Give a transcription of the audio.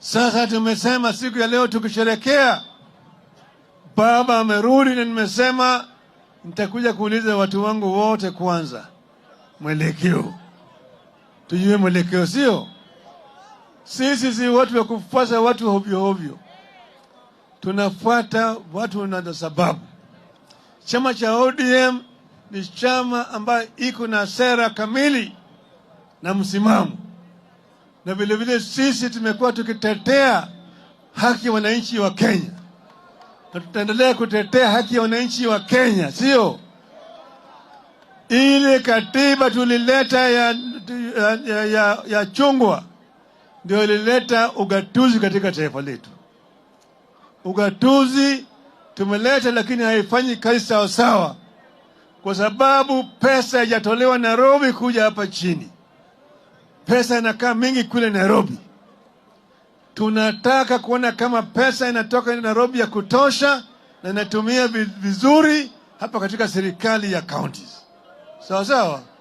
Sasa tumesema siku ya leo tukisherekea baba amerudi, na nimesema nitakuja kuuliza watu wangu wote kwanza mwelekeo, tujue mwelekeo. Sio sisi si watu wa kufuasa watu hovyohovyo, tunafuata watu na sababu. Chama cha ODM ni chama ambayo iko na sera kamili na msimamo na vilevile sisi tumekuwa tukitetea haki ya wananchi wa Kenya na tutaendelea kutetea haki ya wananchi wa Kenya, sio ile katiba tulileta ya, ya, ya, ya chungwa ndio ilileta ugatuzi katika taifa letu. Ugatuzi tumeleta, lakini haifanyi kazi sawasawa, kwa sababu pesa haijatolewa Nairobi kuja hapa chini pesa inakaa mingi kule Nairobi. Tunataka kuona kama pesa inatoka Nairobi ya kutosha na inatumia vizuri hapa katika serikali ya counties, sawa sawa.